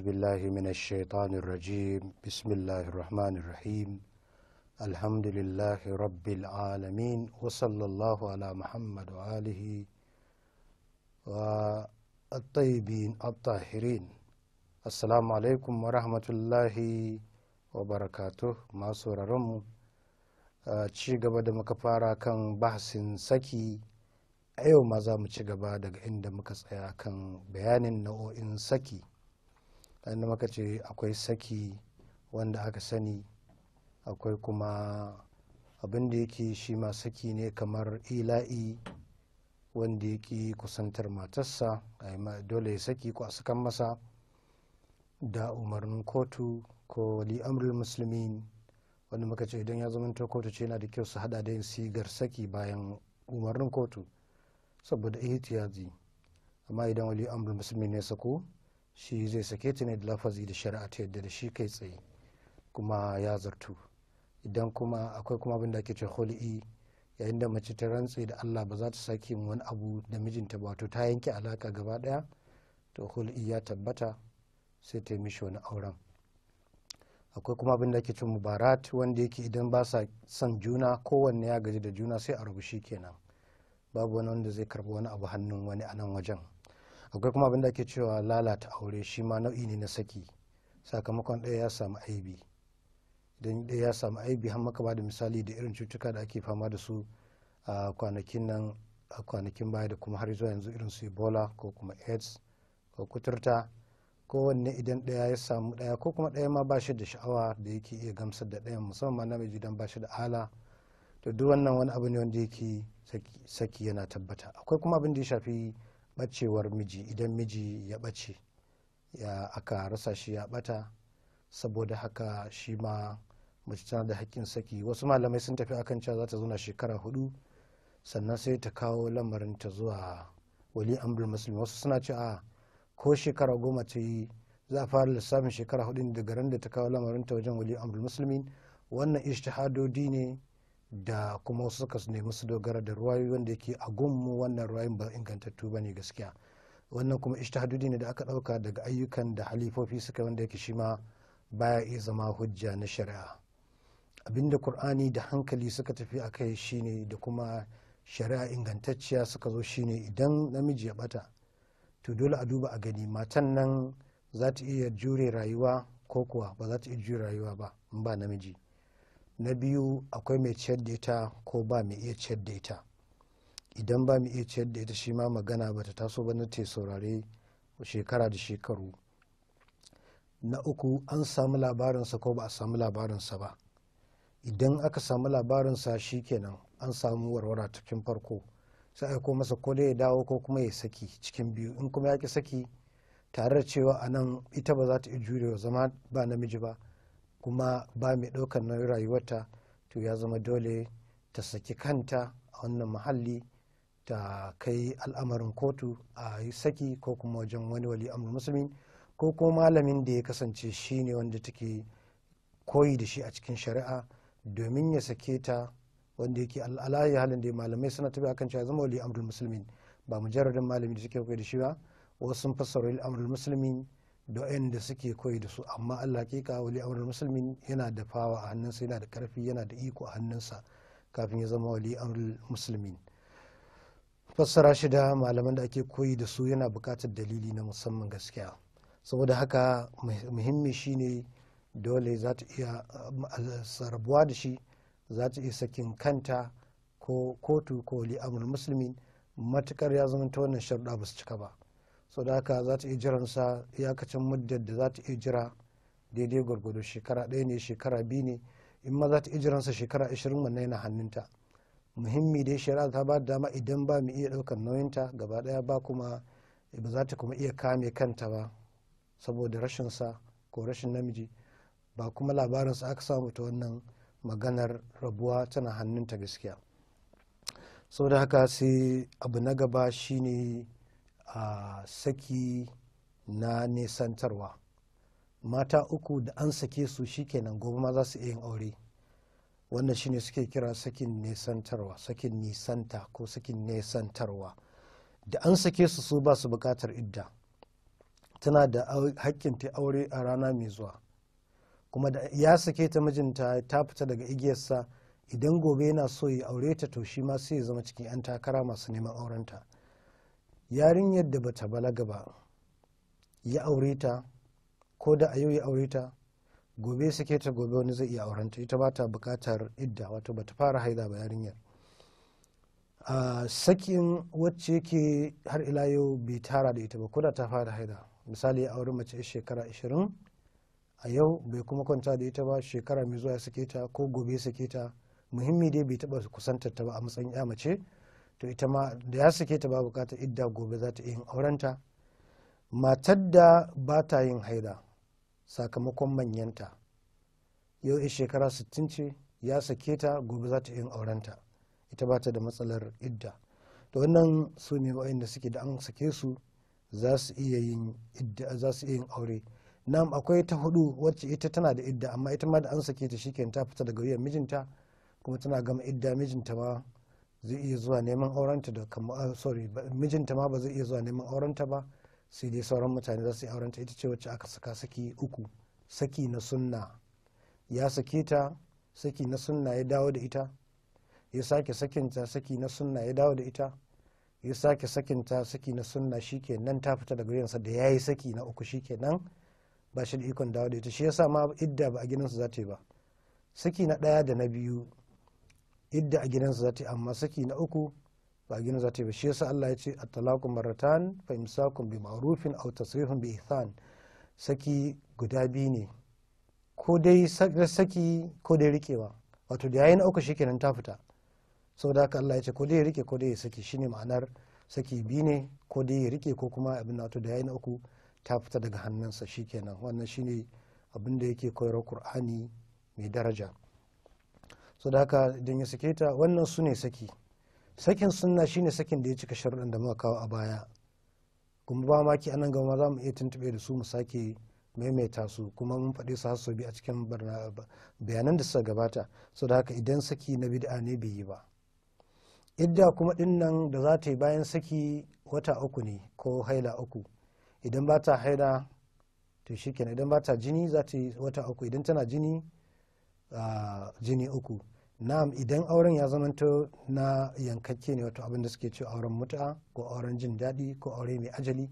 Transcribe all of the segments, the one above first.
bismillahi min ashe ta nur ajiyim bisimillahirrahmanirrahiim alhamdulillahi ala muhammad wa alihi wa ataibin ata hirin asalama aleykum wa rahmatulahi wa barakatuhu masu rarum ci gaba da muka fara kan bahsin saki yau maza mu ci gaba daga inda muka tsaya kan bayanin nau'o'in saki. ɗan maka ce akwai saki wanda aka sani akwai kuma abin da yake shi ma saki ne kamar ila'i wanda yake kusantar matarsa dole ya saki ko a sakan masa da umarnin kotu ko wali li'amrul musulmin wanda muka ce idan ya zamanta kotu ce yana da kyau su hada da yin sigar saki bayan umarnin kotu saboda ihtiyaji amma idan wali amrul musulmin ne sako shi zai sake ta ne da lafazi da shari'a ta yadda da shi kai tsaye kuma ya zartu idan kuma akwai kuma abin da ake ce hul'i yayin da mace ta rantse da Allah ba za ta sake wani abu da mijinta ba to ta yanke alaka gaba daya to hul'i ya tabbata sai ta yi mishi wani auren akwai kuma abin da ake cin mubarat wanda yake idan ba sa son juna kowanne ya gaji da juna sai a rubu shi kenan babu wani wanda zai karbi wani abu hannun wani a nan wajen akwai kuma abin da ke cewa lalata aure shi ma nau'i ne na saki sakamakon ɗaya ya samu aibi idan ɗaya ya samu aibi har maka ba da misali da irin cutuka da ake fama da su a kwanakin nan a kwanakin baya da kuma har zuwa yanzu irin su ebola ko kuma aids ko kuturta kowanne idan ɗaya ya samu ɗaya ko kuma ɗaya ma ba shi da sha'awa da yake iya gamsar da ɗayan musamman namiji idan ba shi da ala to duk wannan wani abu ne wanda yake saki yana tabbata akwai kuma abin da ya shafi bacewar miji idan miji ya bace ya aka rasa shi ya ɓata saboda haka shi ma mace tana da hakkin saki wasu malamai sun tafi akan cewa za ta zauna shekara hudu sannan sai ta kawo lamarin ta zuwa wali amrul muslim wasu suna cewa ko shekara goma ta yi za a fara lissafin shekara hudu daga ran da ta kawo lamarin ta wajen wali amrul muslimin wannan ishtihadodi ne da kuma wasu suka nemi su dogara da ruwayi wanda yake a gunmu wannan ruwayin ba ingantattu ba ne gaskiya wannan kuma ishtihadudi ne da aka ɗauka daga ayyukan da halifofi suka wanda yake shi ma baya iya zama hujja na shari'a abinda kur'ani da hankali suka tafi a kai shine da kuma shari'a ingantacciya suka zo shine idan namiji ya bata to dole a duba a gani matan nan za ta iya jure rayuwa ko kuwa ba za ta iya jure rayuwa ba in ba namiji na biyu akwai mai ciyar da ita ko ba mai iya ciyar da ita idan ba mai iya ciyar da ita shi ma magana ba ta taso ba na te saurare shekara da shekaru na uku an samu labarinsa ko ba a samu labarinsa ba idan aka samu labarinsa shi kenan an samu warwara cikin farko sai aiko masa ko dai ya dawo ko kuma ya saki cikin biyu in kuma ya ki saki tare da cewa a nan ita ba za ta iya jurewa zama ba namiji ba kuma ba mai ɗaukar nauyin rayuwarta to ya zama dole ta saki kanta a wannan muhalli ta kai al'amarin kotu a yi saki ko kuma wajen wani wali amur Musulmi, ko kuma malamin da ya kasance shi ne wanda take koyi da shi a cikin shari'a domin ya sake ta wanda yake al'alahi halin da malamai suna tabi akan cewa zama wali amur Musulmi, ba mujarradin malamin da suke koyi da shi ba wasu sun fassara wali amur Musulmi. da suke koyi da su amma Allah hakika wali amrul musulmin yana da fawa a hannunsa yana da karfi yana da iko a hannunsa kafin ya zama wali amrul musulmin fassara shida malaman da ake koyi da su yana bukatar dalili na musamman gaskiya saboda haka muhimmi shine dole za ta iya sarabuwa da shi za ta iya sakin kanta ko kotu ko wali amrul musulmin matukar ya zama ta wannan sharuɗa ba su cika ba sau da za ta iya jiransa iyakacin muddar da za ta iya jira daidai gwargwado shekara ɗaya ne shekara biyu ne in ma za ta iya jiransa shekara ashirin wannan yana hannunta muhimmi dai shari'a ta ba da dama idan ba mu iya ɗaukar nauyinta gaba ɗaya ba kuma ba za ta kuma iya kame kanta ba saboda rashin sa ko rashin namiji ba kuma labarinsa aka samu ta wannan maganar rabuwa tana hannunta gaskiya saboda haka sai abu na gaba shine a saki na nesantarwa mata uku da an sake su shi shikenan gobe ma za su iya yin aure wannan shine suke kira sakin nesantarwa sakin nisanta ko sakin nesantarwa da an sake su su ba su bukatar idda tana da hakkin ta aure a rana mai zuwa kuma da ya sake ta mijinta ta fita daga igiyarsa idan gobe yana so ya aure ta to shi ma sai ya zama cikin 'yan takara masu neman aurenta. yarinyar da bata balaga ba ya aure ta ko da a yau ya aure ta gobe suke ta gobe wani zai iya aurenta ita ba ta bukatar idda wato bata fara haida ba yarinyar a sakin wacce yake har ila yau bai tara da ita ba da ta fara haida misali ya aure mace shekara 20 a yau bai kuma kwanta da ita ba shekara mai zuwa ya ta ko gobe suke ta muhimmi dai bai taba kusantar ta ba a matsayin ya mace to ita ma da ya sake ta ba bukatar idda gobe za ta yin aurenta matar da ba ta yin haida sakamakon manyanta yau in shekara 60 ce ya sake ta gobe za ta yin aurenta ita ba ta da matsalar idda to wannan su ne wa'inda suke da an sake su za su iya yin idda za su yin aure nan akwai ta hudu wacce ita tana da idda amma ita ma da an sake ta shi ta fita daga wuyan mijinta kuma tana gama idda mijinta ma zai iya zuwa neman aurenta da ah, sorry mijinta ma ba zai iya zuwa neman aurenta ba sai dai sauran mutane za su yi aurenta ita ce wacce aka saka saki uku saki na sunna ya sake ta saki na sunna ya dawo da ita ya sake sakinta saki na sunna ya dawo da ita ya sake sakinta saki na sunna nan ta fita daga yansa da ya yi saki na uku nan ba shi da ikon dawo da ita shi yasa ma idda ba a su za ta yi ba saki na ɗaya da na biyu idda a gidansa za ta yi amma saki na uku ba a gidansa za ta yi ba shi yasa Allah ya ce a talaku maratan fa imsakun bi ma'rufin aw tasrihun bi ihsan saki guda biyu ne ko dai saki ko dai rikewa wato da yayin uku shikenan ta fita saboda haka Allah ya ce ko dai ya rike ko dai saki shine ma'anar saki biyu ne ko dai ya rike ko kuma abin wato da yayin uku ta fita daga hannunsa shikenan wannan shine abin da yake koyarwa Qur'ani mai daraja so da haka idan ya sake ta wannan su ne saki sakin sunna shine sakin da ya cika sharuɗan da muka kawo a baya kuma ba maki nan gama za mu iya tuntuɓe da su mu sake maimaita su kuma mun faɗi su har bi a cikin bayanan da suka gabata so da haka idan saki na bid'a ne bai yi ba idda kuma ɗin nan da za ta yi bayan saki wata uku ne ko haila uku idan ba ta haila to shi idan ba ta jini za ta yi wata uku idan tana jini ah, jini uku na'am idan auren ya zamanto na yankakke ne wato abin da suke ce auren mutu'a ko auren jin daɗi ko aure mai ajali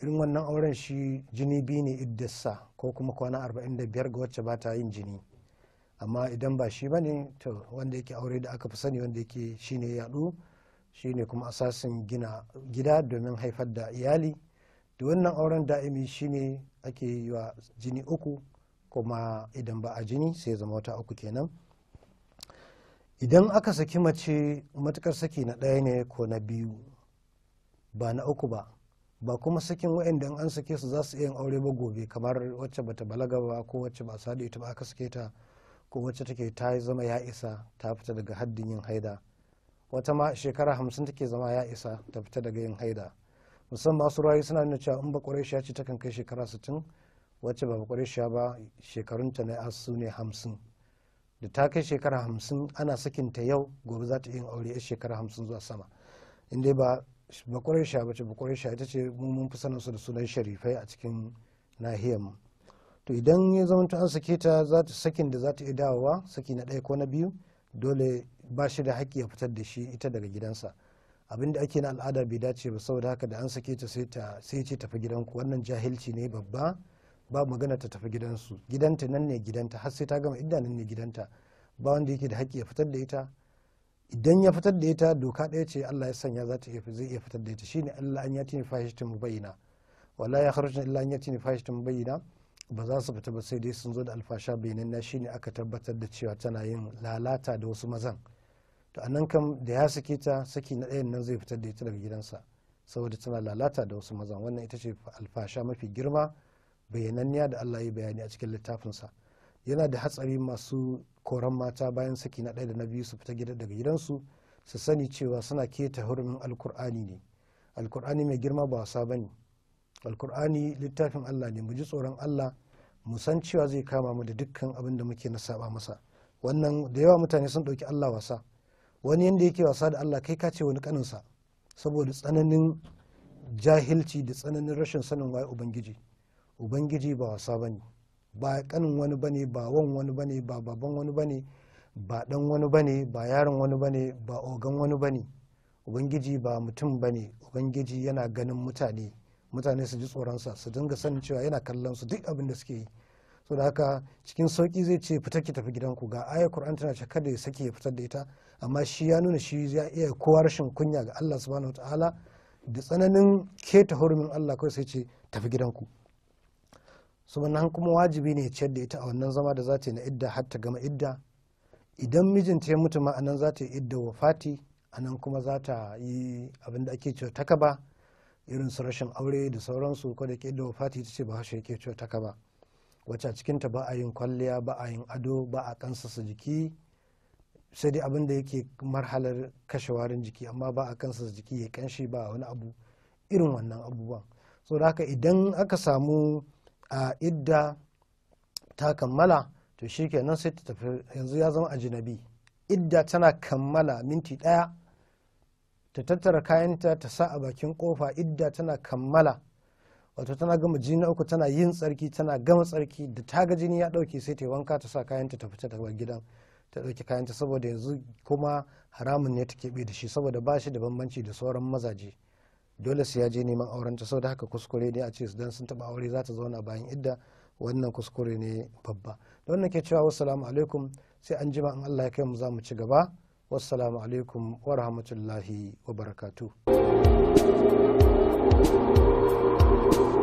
irin wannan auren shi jini biyu ne iddassa ko kuma kwana 45 ga wacce ba ta yin jini amma idan ba shi ba ne to wanda yake aure da aka fi sani wanda yake ne yaɗu shi ne kuma asasin gina gida domin haifar da iyali da wannan auren da'imi shine ake yi wa jini uku kuma idan ba a jini sai zama wata uku kenan idan aka saki mace matukar saki na ɗaya ne ko na biyu ba na uku ba ba kuma sakin da an sake su za su yin aure ba gobe kamar wacce bata balaga ba ko wacce ba sa ita ba aka sake ta ko wacce take ta zama ya isa ta fita daga haddin yin haida wata ma shekara hamsin take zama ya isa ta fita daga yin haida musamman masu rayu suna nuna cewa in ba ƙwarai ce ta kan kai shekara sittin wacce ba ƙwarai ba shekarunta na asu ne hamsin da ta kai shekara hamsin ana sakin ta yau gobe za ta yin aure ya shekara hamsin zuwa sama in dai ba bakwarar sha bace bakwarar sha ita ce mun fi sanin su da sunan sharifai a cikin nahiyar mu to idan ya zama an sake ta sakin da za ta iya dawowa saki na ɗaya ko na biyu dole ba shi da haƙƙi ya fitar da shi ita daga gidansa abin da ake na al'ada bai dace ba saboda haka da an sake ta sai ta sai ce tafi gidanku wannan jahilci ne babba ba magana ta tafi gidansu gidanta nan ne gidanta har sai ta gama idda nan ne gidanta ba wanda yake da haƙƙi ya fitar da ita idan ya fitar da ita doka ɗaya ce Allah ya sanya za ta zai iya fitar da ita shine Allah an yati ni fahishatin mubayyina wala ya kharajna illa an yati ni fahishatin mubayyina ba za su fita ba sai dai sun zo da alfasha bayanan na shine aka tabbatar da cewa tana yin lalata da wasu mazan to anan kam da ya sake ta saki na ɗayan nan zai fitar da ita daga gidansa saboda tana lalata da wasu mazan wannan ita ce alfasha mafi girma bayyananniya da Allah ya bayani a cikin littafinsa yana da hatsari masu koran mata bayan saki na ɗaya da na biyu su fita gida daga gidansu su sani cewa suna keta hurumin alkur'ani ne alkur'ani mai girma ba wasa ba ne alkur'ani littafin Allah ne mu ji tsoron Allah mu san cewa zai kama mu da dukkan abin da muke na saba masa wannan da yawa mutane sun ɗauki Allah wasa wani yanda yake wasa da Allah kai kace ce wani kaninsa saboda tsananin jahilci da tsananin rashin sanin waye ubangiji ubangiji ba wasa ba ne, ba kanin wani ba ne, ba wan wani ba ne, ba baban wani ba ne, ba dan wani ba ne, ba yaron wani ba ne, ba ogan wani ba ne. ubangiji ba mutum ba ne. ubangiji yana ganin mutane mutane su ji tsoronsa su dinga sanin cewa yana kallon su duk abin da suke yi so da haka cikin sauki zai ce fitar ki tafi gidanku ga ayar Qur'an tana ce kada ya saki ya fitar da ita amma shi ya nuna shi ya iya kowa rashin kunya ga Allah subhanahu wataala da tsananin keta hurumin Allah kawai sai ce tafi gidan ku. sannan kuma wajibi ne ciyar da ita a wannan zama da za ta yi na idda har ta gama idda idan mijinta ya mutu ma a nan za ta yi idda fati a nan kuma za ta yi abin da ake cewa takaba irin su rashin aure da sauransu ko da ke idda fati ita ce ba hashe yake cewa takaba wacce a ta ba a yin kwalliya ba a yin ado ba a kansasa jiki sai dai abin da yake marhalar kashe warin jiki amma ba a kansasa jiki ya kanshi ba wani abu irin wannan abubuwan so haka idan aka samu a idda ta kammala to shi shikenan sai ta tafi yanzu ya zama ajinabi idda tana kammala minti ɗaya ta tattara kayanta ta sa a bakin kofa idda tana kammala wato tana gama jini na uku tana yin tsarki tana gama tsarki da ta ga jini ya dauke sai ta wanka ta sa kayanta ta fita daga gidan ta ɗauki kayanta saboda yanzu kuma haramun ne ta keɓe da shi saboda ba shi da bambanci da sauran mazaje dole su ya je neman auren ta sau da haka kuskure ne a ce dan sun taba aure za ta zauna bayan idda wannan kuskure ne babba da wannan nake cewa wassalamu alaikum sai an jima in Allah ya kai mu za mu ci gaba wassalamu alaikum wa rahmatullahi wa barakatuh